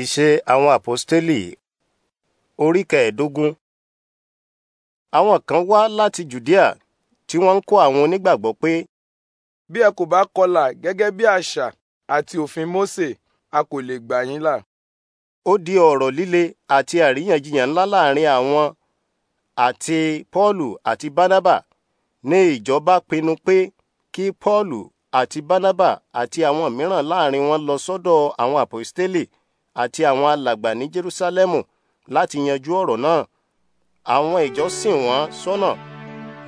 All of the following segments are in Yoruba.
Ìṣe àwọn àpọ́stélì orí kẹẹ̀ẹ́dógún. Àwọn kan wá láti Jùdíà tí wọ́n ń kọ́ àwọn onígbàgbọ́ pé. Bí ẹ kò bá kọlà gẹ́gẹ́ bí àṣà àti òfin Mósè, a kò lè gbà yín là. Ó di ọ̀rọ̀ líle àti àríyànjiyàn ńlá láàrin àwọn àti Pọ́ọ̀lù àti Bánábà ní ìjọba pinnu pé kí Pọ́ọ̀lù àti Bánábà àti àwọn mìíràn láàrin wọn lọ sọ́dọ̀ àwọn àpọ́stélì àti àwọn alàgbà ní Jerusalemu, láti yanjú ọ̀rọ̀ náà àwọn ìjọ sìn wọ́n sọ́nà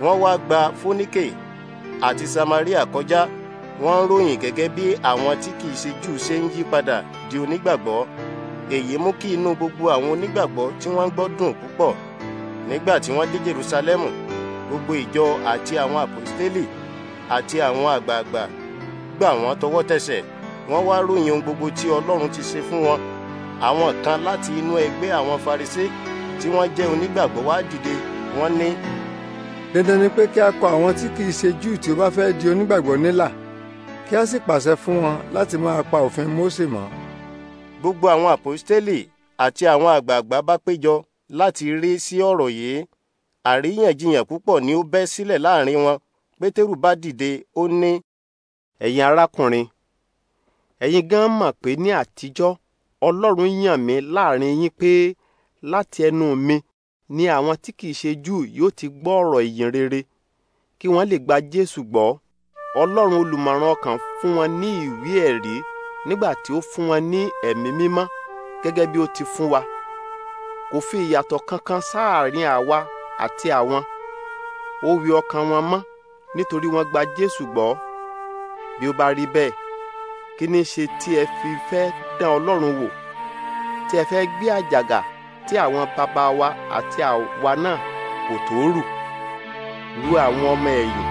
wọ́n wá gba Fóníkè àti Samaria kọjá wọ́n ń ròyìn gẹ́gẹ́ bí àwọn tí kìí ṣe Júù ṣe ń yí padà di onígbàgbọ́ èyí mú kí inú gbogbo àwọn onígbàgbọ́ tí wọ́n ń gbọ́ dùn púpọ̀ nígbà tí wọ́n dé Jerúsálẹ́mù gbogbo ìjọ àti àwọn àpòstélì àti àwọn àgbààgbà gbà wọ́n tọwọ́ tẹsẹ̀ wọ́n wá ròyìn ohun gbogbo tí Ọlọ́run ti ṣe fún wọn àwọn kan láti inú ẹgbẹ́ àwọn farisé tí wọ́n jẹ́ onígbàgbọ́ wá dìde wọ́n ní. dandan ni pé kí a kọ àwọn tí kìí ṣe júù tí ó bá fẹ́ di onígbàgbọ́ nílà kí a sì pàṣẹ fún wọn láti máa pa òfin Mósè mọ́. gbogbo àwọn àpòstélì àti àwọn àgbààgbà bá péjọ láti rí sí ọ̀rọ̀ yìí àríyànjiyàn púpọ̀ ni ó bẹ́ sílẹ̀ láàrin wọn pétérù bá dìde ó ní. ẹ̀yin arákùnrin ẹ̀yin gan mọ̀ pé ní àtijọ́ Ọlọ́run yàn mí láàrin yín pé láti ẹnu mi ni àwọn tí kìí ṣe Júù yóò ti gbọ́ ọ̀rọ̀ ìyìn rere kí wọ́n lè gba Jésù gbọ́. Ọlọ́run olùmọ̀ràn ọkàn fún wọn ní ìwé ẹ̀rí nígbà tí ó fún wọn ní ẹ̀mí mímọ́ gẹ́gẹ́ bí ó ti fún wa kò fi ìyàtọ̀ kankan sáàárín àwa àti àwọn ó wẹ ọkàn wọn mọ́ nítorí wọ́n gba Jésù gbọ́ bí ó bá rí bẹ́ẹ̀ kí ni ṣe tí ẹ fi fẹ́ dán ọlọ́run wò tí ẹ fẹ́ gbé àjàgà tí àwọn bàbá wa àti àwa náà kò tó rù lu àwọn ọmọ ẹ̀yìn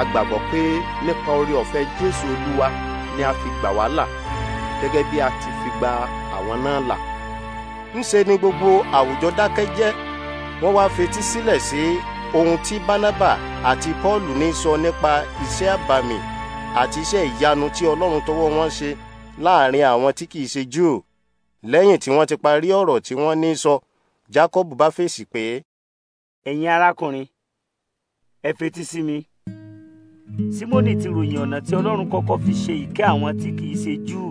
a gbàgbọ́ pé nípa orí ọ̀fẹ́ jésù olúwa ni a fi gbà wá là gẹ́gẹ́ bí a ti fi gba àwọn náà là. ńṣe ni gbogbo àwùjọ dákẹ́ jẹ́ wọ́n wá fetí sílẹ̀ sí ohun tí bánábà àti pọ́ọ̀lù ní sọ nípa iṣẹ́ àbàmì àti iṣẹ́ ìyanu tí Ọlọ́run tọwọ́ wọn ṣe láàrin àwọn tí kìí ṣe Júù lẹ́yìn tí wọ́n ti parí ọ̀rọ̀ tí wọ́n ní sọ Jacob bá fèsì pé. ẹ̀yin arákùnrin ẹ fetí sí mi simoni ti ròyìn ọ̀nà tí Ọlọ́run kọ́kọ́ fi ṣe ìkẹ́ àwọn tí kìí ṣe Júù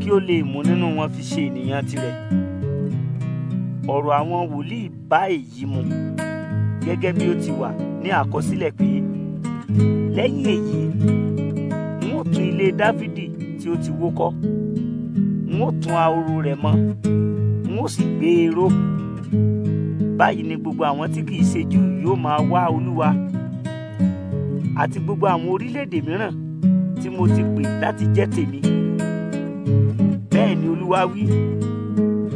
kí ó lè mú nínú wọn fi ṣe ènìyàn tirẹ̀ ọ̀rọ̀ àwọn wòlíì bá èyí mu gẹ́gẹ́ bí ó ti wà ní àkọsílẹ̀ pé lẹ́yìn èyí n ó tún ilé dáfídì tí ó ti wó kọ́ n ó tún ahoro rẹ̀ mọ́ n ó sì gbé e ró báyìí ni gbogbo àwọn tí kìí ṣe júù yóò máa wá olúwa àti gbogbo àwọn orílẹ̀-èdè mìíràn tí mo ti pè láti jẹ́ tèmi bẹ́ẹ̀ ni olúwa wí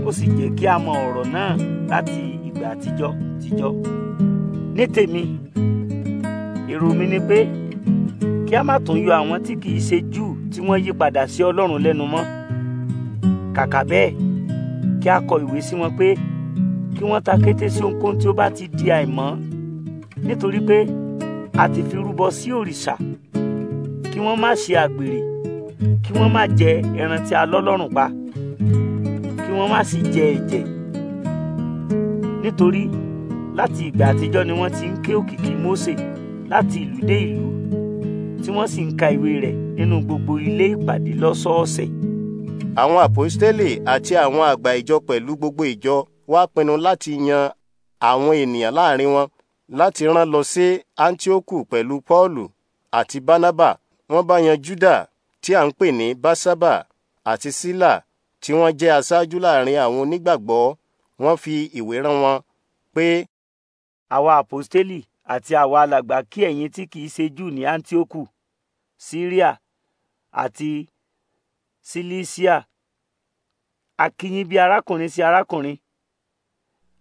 ó sì jẹ́ kí a mọ ọ̀rọ̀ náà láti ìgbà àtijọ́ tijọ́ ní tèmi èrò mi ni pé kí a má tún yọ àwọn tí kìí ṣe Júù tí wọ́n yí padà sí Ọlọ́run lẹ́nu mọ́ kàkà bẹ́ẹ̀ kí a kọ ìwé sí wọn pé kí wọ́n ta kété sí ohunkóhun tí ó bá ti di àìmọ́ nítorí pé a ti fi rúbọ sí òrìṣà kí wọ́n má ṣe àgbèrè kí wọ́n má jẹ ẹran tí a lọ́lọ́rùn pa kí wọ́n má sì jẹ ẹ̀jẹ̀ nítorí láti ìgbà àtijọ́ ni wọ́n ti ń ké òkìkí Mósè láti ìlú dé ìlú tí wọ́n sì ń ka ìwé rẹ̀ nínú gbogbo ilé ìpàdé lọ́sọ̀ọ̀sẹ̀. àwọn àpòstélè àti àwọn àgbà ìjọ pẹ̀lú gbogbo ìjọ wá pinnu láti yan àwọn ènìyàn láàrin wọn láti rán lọ sí antioku pẹ̀lú paulu àti barnaba wọ́n bá yan juda tí à ń pè ní basaba àti sila tí wọ́n jẹ́ aṣáájú láàrin àwọn onígbàgbọ́ wọ́n fi ìwé rán wọn pé. àwa àpòstélì àti àwa alàgbà kí ẹ̀yin tí kìí ṣe jù ní antioku Síríà àti Silisia. A kí yín bí arákùnrin sí arákùnrin.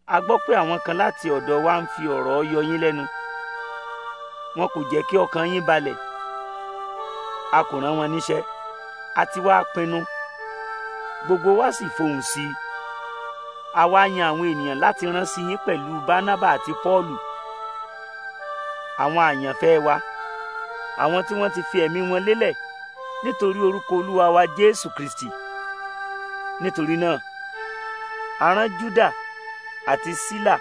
A gbọ́ pé àwọn kan láti ọ̀dọ̀ wa ń fi ọ̀rọ̀ yọ yín lẹ́nu. Wọn kò jẹ́ kí ọkàn yín balẹ̀. A kò rán wọn níṣẹ́. A wá pinnu. Gbogbo wa sì fohùn sí i. A wá yan àwọn ènìyàn láti rán sí yín pẹ̀lú Bánábà àti Pọ́ọ̀lù. Àwọn àyànfẹ́ wa àwọn tí wọ́n ti fi ẹ̀mí wọn lélẹ̀ nítorí orúkọ olúwa wa jésù kristi nítorí náà a rán júdà àti sílà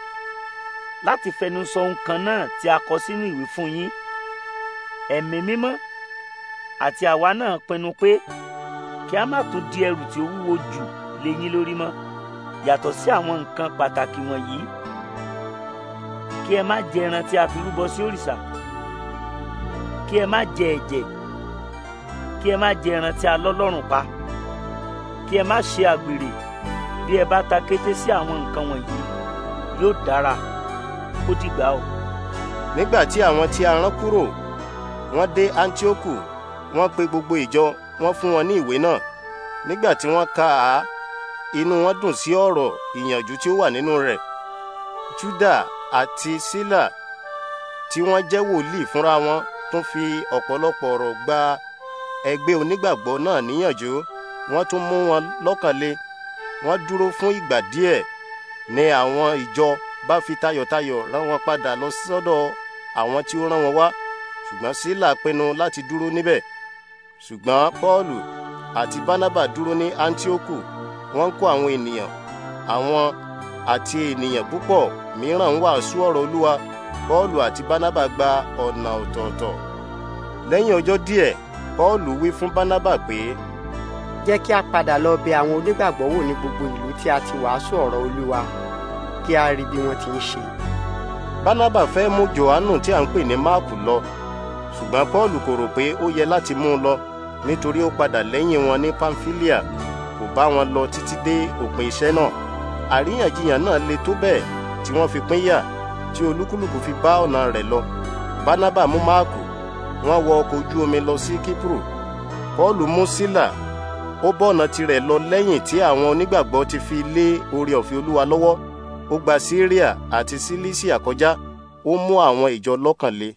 láti fẹnusọ nǹkan náà tí a kọ sínú ìwé fún yín ẹ̀mí mímọ́ àti àwa náà pinnu pé kí a má tún di ẹrù tí ó wúwo jù lé yín lórí mọ́ yàtọ̀ sí àwọn nǹkan pàtàkì wọ̀nyí kí ẹ má jẹ tí a fi rúbọ sí òrìṣà. Si kí ẹ má jẹ ẹ̀jẹ̀ kí ẹ má jẹ ẹran tí a lọ́lọ́rùn pa kí ẹ má ṣe àgbèrè bí ẹ bá ta kété sí àwọn nǹkan wọ̀nyí yóò dára ó dìgbà o. nígbà tí àwọn tí a rán kúrò wọ́n dé Antioku wọ́n pe gbogbo ìjọ wọ́n fún wọn ní ìwé náà nígbà tí wọ́n kà á inú wọn dùn sí ọ̀rọ̀ ìyànjú tí ó wà nínú rẹ̀ Júdà àti Sílà tí wọ́n jẹ́ wòlíì fúnra wọn tó fi ọ̀pọ̀lọpọ̀ ọ̀rọ̀ gba ẹgbẹ́ onígbàgbọ́ náà níyànjú wọ́n tún mú wọn lọ́kànlé wọ́n dúró fún ìgbà díẹ̀ ní àwọn ìjọ bá fi tayọ̀tayọ̀ rán wọn padà lọ sọ́dọ̀ àwọn tí ó rán wọn wá ṣùgbọ́n sílà pinnu láti dúró níbẹ̀ ṣùgbọ́n pọ́ọ̀lù àti bánábà dúró ní antioku wọ́n ń kó àwọn ènìyàn àwọn àti ènìyàn púpọ̀ mìíràn ń wàásù ọ̀rọ̀ olúwa Paulu àti Barnaba gba ọ̀nà ọ̀tọ̀ọ̀tọ̀. Lẹ́yìn ọjọ́ díẹ̀, Paulu wí fún Barnaba pé. Jẹ́ kí a padà lọ bẹ̀ àwọn onígbàgbọ́ wò ní gbogbo ìlú tí a ti wàásù ọ̀rọ̀ Olúwa kí a rí bí wọ́n ti ń ṣe. Barnaba fẹ́ mú Jòhánù tí a ń pè ní Máàkù lọ ṣùgbọ́n Paul kò rò pé ó yẹ láti mú un lọ nítorí ó padà lẹ́yìn wọn ní Pamphylia kò bá wọn lọ títí dé òpin iṣẹ́ náà àríyànjiyàn náà le tó bẹ́ẹ̀ tí wọ́n fi pín yà tí olúkúlùkù fi bá ọ̀nà rẹ̀ lọ bánábà mú máàkù wọ́n wọ ọkọ̀ ojú omi lọ sí kíprù pọ́ọ̀lù mú sílà ó bọ́ ọ̀nà tirẹ̀ lọ lẹ́yìn tí àwọn onígbàgbọ́ ti fi lé oore ọ̀fẹ́ olúwa lọ́wọ́ ó gba síríà àti sílísíà kọjá ó mú àwọn ìjọ lọ́kànlé